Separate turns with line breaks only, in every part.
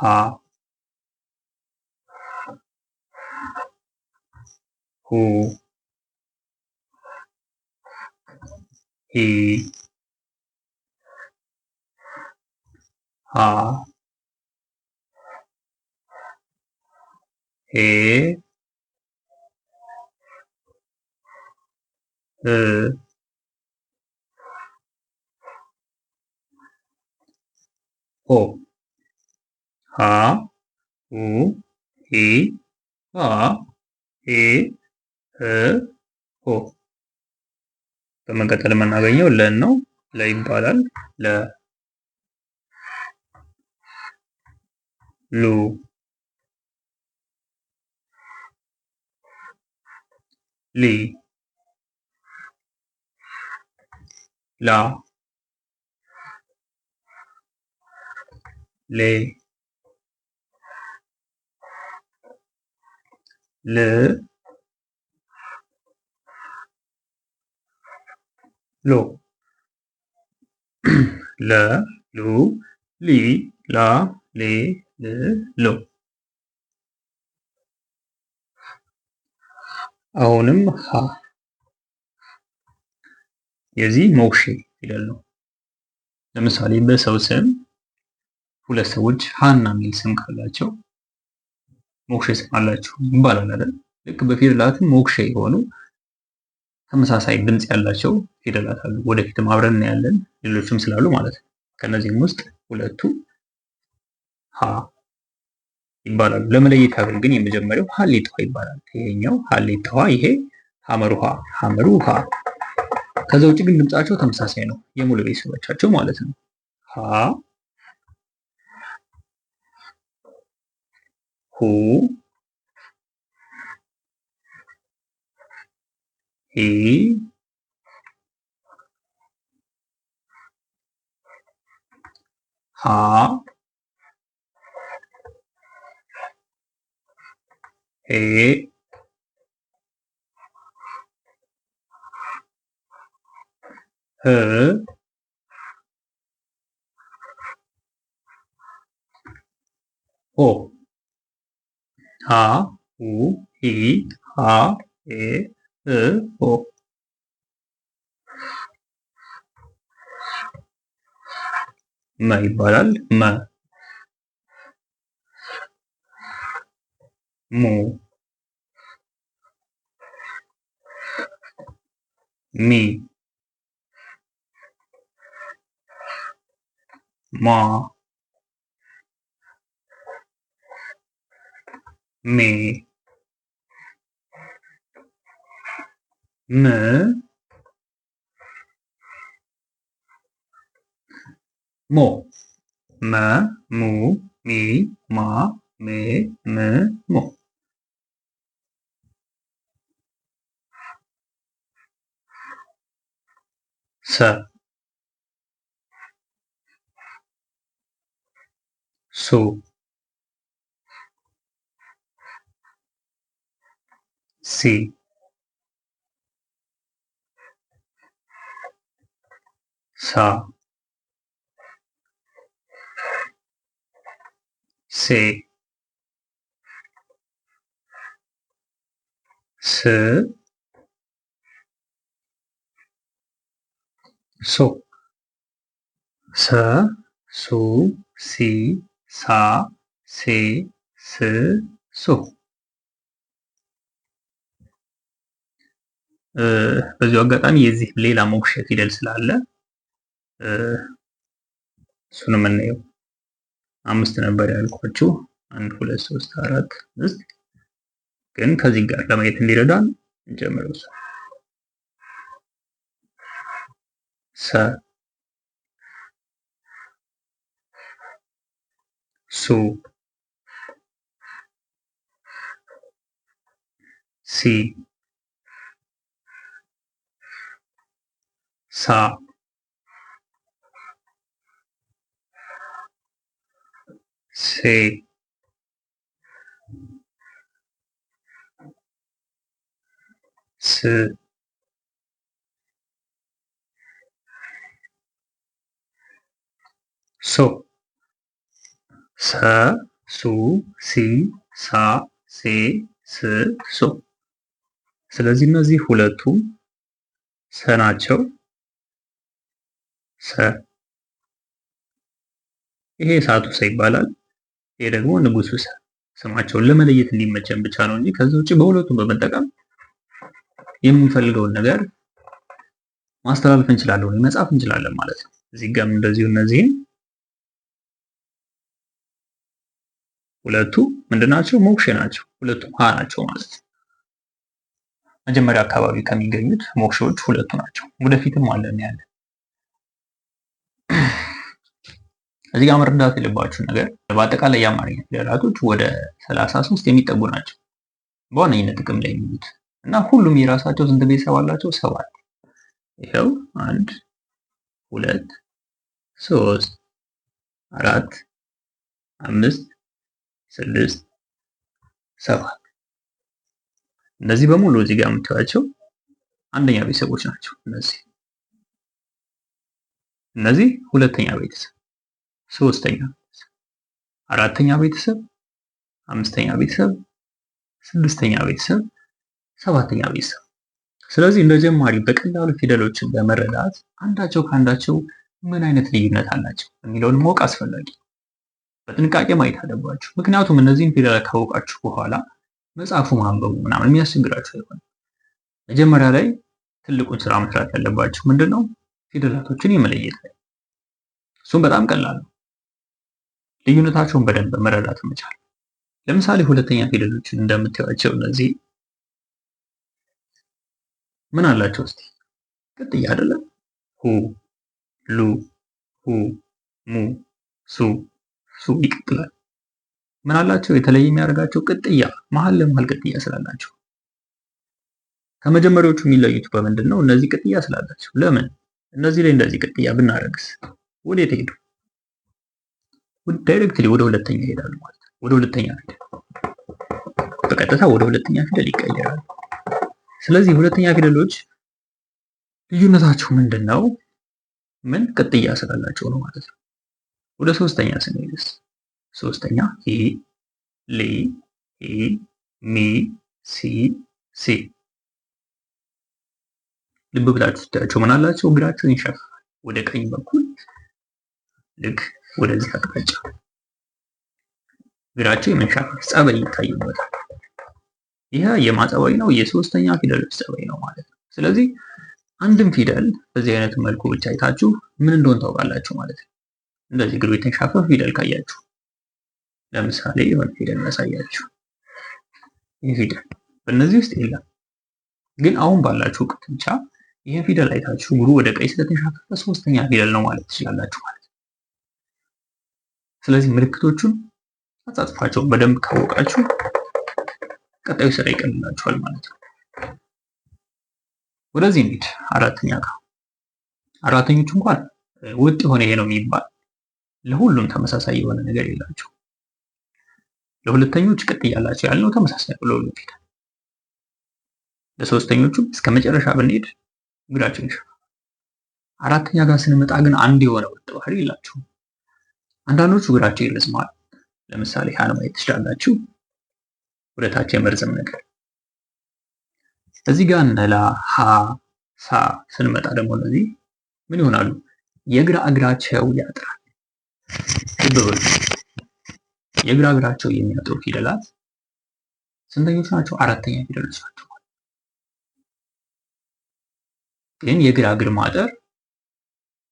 하, 아. 후, 이, 하, 아. 에, 을, 오. ሀ ሁ ሂ ሃ ሄ ህ ሆ። በመቀጠል የምናገኘው ለን ነው። ለ ይባላል። ለ ሉ ሊ ላ ሌ ል ሎ ለ ሉ ሊ ላ ሌ ል ሎ አሁንም ሀ የዚህ ሞክሼ ፊደል ነው። ለምሳሌ በሰው ስም ሁለት ሰዎች ሀና የሚል ስም ካላቸው ሞክሼ ስም አላቸው ይባላል አይደል? ልክ በፊደላትም ሞክሼ የሆኑ ተመሳሳይ ድምፅ ያላቸው ፊደላት አሉ። ወደፊትም አብረን እናያለን ሌሎችም ስላሉ ማለት ነው። ከእነዚህም ውስጥ ሁለቱ ሀ ይባላሉ። ለመለየት ያህል ግን የመጀመሪያው ሀሌት ውሃ ይባላል። ይሄኛው ሀሌት ውሃ፣ ይሄ ሀመር ውሃ፣ ሀመሩ ውሃ። ከዛ ውጭ ግን ድምፃቸው ተመሳሳይ ነው። የሙሉ ቤተሰቦቻቸው ማለት ነው። ሀ 胡，咦，好，嘿，呵，哦。a u e r a e o मई बरल म मु मी मा mẹ, mỡ mổ mỡ mũ mí mỏ mế mỡ mổ sợ sụp ሲ ሳ ሴ ስ ሶ ሰ ሱ ሲ ሳ ሴ ስ ሱ በዚሁ አጋጣሚ የዚህ ሌላ ሞክሼ ፊደል ስላለ እሱን የምናየው አምስት ነበር ያልኳችሁ። አንድ ሁለት ሶስት አራት አምስት ግን ከዚህ ጋር ለማየት እንዲረዳን እንጀምረው። ሰ ሱ ሲ ሳ ሴ ስ ሶ ስለዚህ እነዚህ ሁለቱም ሰ ናቸው። ሰ ይሄ ሳቱ ሰ ይባላል። ይሄ ደግሞ ንጉሱ ሰ። ስማቸውን ለመለየት እንዲመቸን ብቻ ነው እንጂ ከዚህ ውጭ በሁለቱም በመጠቀም የምንፈልገውን ነገር ማስተላለፍ እንችላለን ወይ መጻፍ እንችላለን ማለት ነው። እዚህ ጋርም እንደዚሁ እነዚህም ሁለቱ ምንድናቸው? ሞክሼ ናቸው። ሁለቱም ሀ ናቸው ማለት ነው። መጀመሪያ አካባቢ ከሚገኙት ሞክሼዎች ሁለቱ ናቸው። ወደፊትም አለ እናያለን። እዚህ ጋር መረዳት የለባችሁ ነገር በአጠቃላይ የአማርኛ ፊደላቶች ወደ ሰላሳ የሚጠጉ ናቸው በዋነኝነት ጥቅም ላይ የሚሉት እና ሁሉም የራሳቸው ስንት ቤተሰብ አላቸው? ሰባት። ይኸው አንድ፣ ሁለት፣ ሶስት፣ አራት፣ አምስት፣ ስድስት፣ ሰባት። እነዚህ በሙሉ እዚህ ጋር የምታዩቸው አንደኛ ቤተሰቦች ናቸው። እነዚህ እነዚህ ሁለተኛ ቤተሰብ ሶስተኛ ቤተሰብ፣ አራተኛ ቤተሰብ፣ አምስተኛ ቤተሰብ፣ ስድስተኛ ቤተሰብ፣ ሰባተኛ ቤተሰብ። ስለዚህ እንደ ጀማሪ በቀላሉ ፊደሎችን በመረዳት አንዳቸው ከአንዳቸው ምን አይነት ልዩነት አላቸው የሚለውን ማወቅ አስፈላጊ በጥንቃቄ ማየት አለባችሁ። ምክንያቱም እነዚህን ፊደላት ካወቃችሁ በኋላ መጽሐፉ ማንበቡ ምናምን የሚያስቸግራችሁ አይሆንም። መጀመሪያ ላይ ትልቁን ስራ መስራት ያለባችሁ ምንድን ነው? ፊደላቶችን የመለየት ላይ። እሱም በጣም ቀላል ነው። ልዩነታቸውን በደንብ መረዳት መቻል። ለምሳሌ ሁለተኛ ፊደሎችን እንደምታዩቸው እነዚህ ምን አላቸው? እስቲ ቅጥያ አይደለም? ሁ፣ ሉ፣ ሁ፣ ሙ፣ ሱ፣ ሱ ይቀጥላል። ምን አላቸው? የተለየ የሚያደርጋቸው ቅጥያ መሀል ለመሀል ቅጥያ ስላላቸው ከመጀመሪያዎቹ የሚለዩት በምንድን ነው? እነዚህ ቅጥያ ስላላቸው። ለምን እነዚህ ላይ እንደዚህ ቅጥያ ብናደርግስ ወዴት ሄዱ? ዳይሬክትሊ ወደ ሁለተኛ ይሄዳሉ ማለት ነው። ወደ ሁለተኛ ፊደል በቀጥታ ወደ ሁለተኛ ፊደል ይቀየራሉ። ስለዚህ ሁለተኛ ፊደሎች ልዩነታቸው ምንድን ነው? ምን ቅጥያ ስላላቸው ነው ማለት ነው። ወደ ሶስተኛ ስንሄድስ ሶስተኛ ኢ ሊ ኢ ሚ ሲ ሲ ልብ ብላችሁ ስታያቸው ምን አላቸው? እግራቸውን ይሸፍናል ወደ ቀኝ በኩል ልክ ወደዚህ አቅጣጫ እግራቸው የመንሻፈፍ ጸባይ ይታይበታል። ይህ የማጸባይ ነው፣ የሶስተኛ ፊደል ጸባይ ነው ማለት ነው። ስለዚህ አንድም ፊደል በዚህ አይነት መልኩ ብቻ አይታችሁ ምን እንደሆነ ታውቃላችሁ ማለት ነው። እንደዚህ እግሩ የተንሻፈፈ ፊደል ካያችሁ፣ ለምሳሌ የሆነ ፊደል ያሳያችሁ፣ ይህ ፊደል በእነዚህ ውስጥ የለም። ግን አሁን ባላችሁ እውቀት ብቻ ፊደል አይታችሁ እግሩ ወደ ቀኝ ስለተንሻፈፈ ሶስተኛ ፊደል ነው ማለት ትችላላችሁ ማለት ነው። ስለዚህ ምልክቶቹን አጻጽፋቸው በደንብ ካወቃችሁ ቀጣዩ ስራ ይቀልላችኋል ማለት ነው። ወደዚህ እንሂድ። አራተኛ ጋር አራተኞቹ እንኳን ወጥ የሆነ ይሄ ነው የሚባል ለሁሉም ተመሳሳይ የሆነ ነገር የላቸው። ለሁለተኞች ቅጥ እያላቸው ያልነው ተመሳሳይ ነው ለሁሉም ፊደል። ለሶስተኞቹም እስከ መጨረሻ ብንሄድ እንግዳችን ይሻል። አራተኛ ጋር ስንመጣ ግን አንድ የሆነ ወጥ ባህሪ የላቸውም። አንዳንዶቹ እግራቸው ይለዝማል። ለምሳሌ ሀን ማየት ትችላላችሁ። ታች የመርዘም ነገር እዚህ ጋር ነላ ሀ ሳ ስንመጣ ደግሞ እነዚህ ምን ይሆናሉ? የግራ እግራቸው ያጥራል። ልብ በሉ። የግራ እግራቸው የሚያጥሩ ፊደላት ስንተኞች ናቸው? አራተኛ ፊደሎች ናቸው። ግን የግራ እግር ማጠር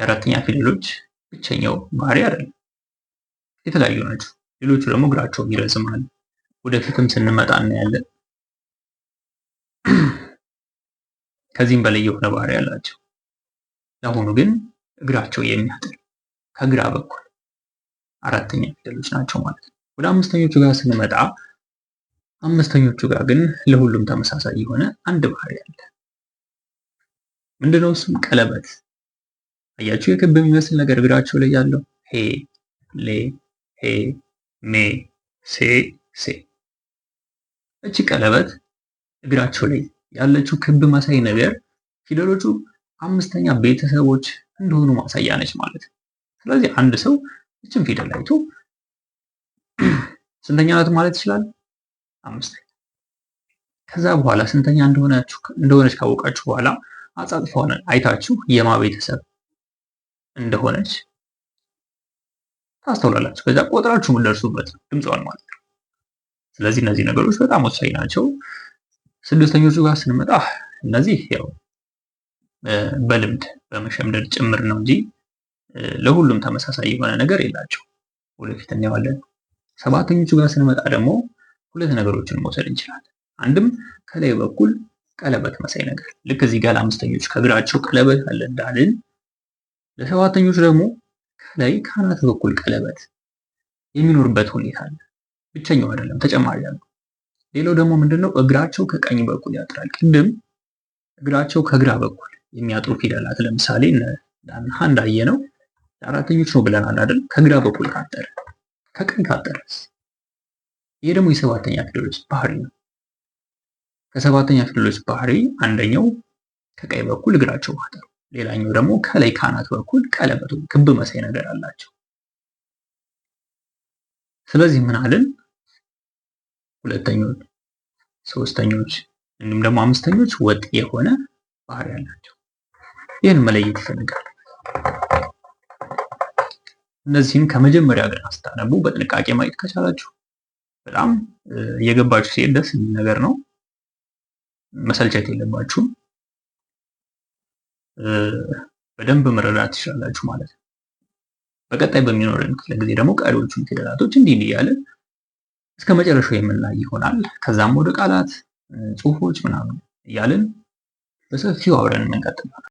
የአራተኛ ፊደሎች ብቸኛው ባህሪ አይደለም። የተለያዩ ናቸው። ሌሎቹ ደግሞ እግራቸው የሚረዝም ወደፊትም ስንመጣ እናያለን። ከዚህም በላይ የሆነ ባህሪ ያላቸው። ለአሁኑ ግን እግራቸው የሚያጥር ከግራ በኩል አራተኛ ፊደሎች ናቸው ማለት ነው። ወደ አምስተኞቹ ጋር ስንመጣ አምስተኞቹ ጋር ግን ለሁሉም ተመሳሳይ የሆነ አንድ ባህሪ አለ። ምንድነው? እሱም ቀለበት። አያችሁ፣ የክብ የሚመስል ነገር እግራቸው ላይ ያለው ሄ ሌ ሄ ሜ ሴ ሴ። እቺ ቀለበት እግራቸው ላይ ያለችው ክብ መሳይ ነገር ፊደሎቹ አምስተኛ ቤተሰቦች እንደሆኑ ማሳያ ነች ማለት ስለዚህ አንድ ሰው እችን ፊደል አይቶ ስንተኛ ናት ማለት ይችላል? አምስተኛ። ከዛ በኋላ ስንተኛ እንደሆነች ካወቃችሁ በኋላ አጻጽፏን አይታችሁ የማ ቤተሰብ እንደሆነች ታስተውላላችሁ። ከዛ ቆጥራችሁ የምትደርሱበት ድምፅዋን ማለት ነው። ስለዚህ እነዚህ ነገሮች በጣም ወሳኝ ናቸው። ስድስተኞቹ ጋር ስንመጣ እነዚህ ያው በልምድ በመሸምደድ ጭምር ነው እንጂ ለሁሉም ተመሳሳይ የሆነ ነገር የላቸው። ወደፊት እናየዋለን። ሰባተኞቹ ጋር ስንመጣ ደግሞ ሁለት ነገሮችን መውሰድ እንችላለን። አንድም ከላይ በኩል ቀለበት መሳይ ነገር ልክ እዚህ ጋር ለአምስተኞች ከእግራቸው ቀለበት አለ እንዳልን ለሰባተኞች ደግሞ ከላይ ከአናት በኩል ቀለበት የሚኖርበት ሁኔታ አለ። ብቸኛው አይደለም፣ ተጨማሪ አለ። ሌላው ደግሞ ምንድነው? እግራቸው ከቀኝ በኩል ያጥራል። ቅድም እግራቸው ከግራ በኩል የሚያጥሩ ፊደላት ለምሳሌ ዳንሃ እንዳየ ነው አራተኞች ነው ብለናል አይደል? ከግራ በኩል ካጠረ ከቀኝ ካጠረስ? ይሄ ደግሞ የሰባተኛ ፊደሎች ባህሪ ነው። ከሰባተኛ ፊደሎች ባህሪ አንደኛው ከቀኝ በኩል እግራቸው ማጠር ሌላኛው ደግሞ ከላይ ካናት በኩል ቀለበቱ ክብ መሳይ ነገር አላቸው። ስለዚህ ምን አልን? ሁለተኞች፣ ሶስተኞች እንዲሁም ደግሞ አምስተኞች ወጥ የሆነ ባህሪ አላቸው። ይህን መለየት ይፈልጋል። እነዚህን ከመጀመሪያ ግን አስታነቡ በጥንቃቄ ማየት ከቻላችሁ በጣም እየገባችሁ ሲሄድ ደስ የሚል ነገር ነው። መሰልቸት የለባችሁም። በደንብ መረዳት ትችላላችሁ ማለት ነው። በቀጣይ በሚኖረን ክፍለ ጊዜ ደግሞ ቀሪዎቹን ፊደላቶች እንዲህ እያለ እስከ መጨረሻው የምናይ ይሆናል። ከዛም ወደ ቃላት፣ ጽሁፎች ምናምን እያለን በሰፊው አብረን የምንቀጥል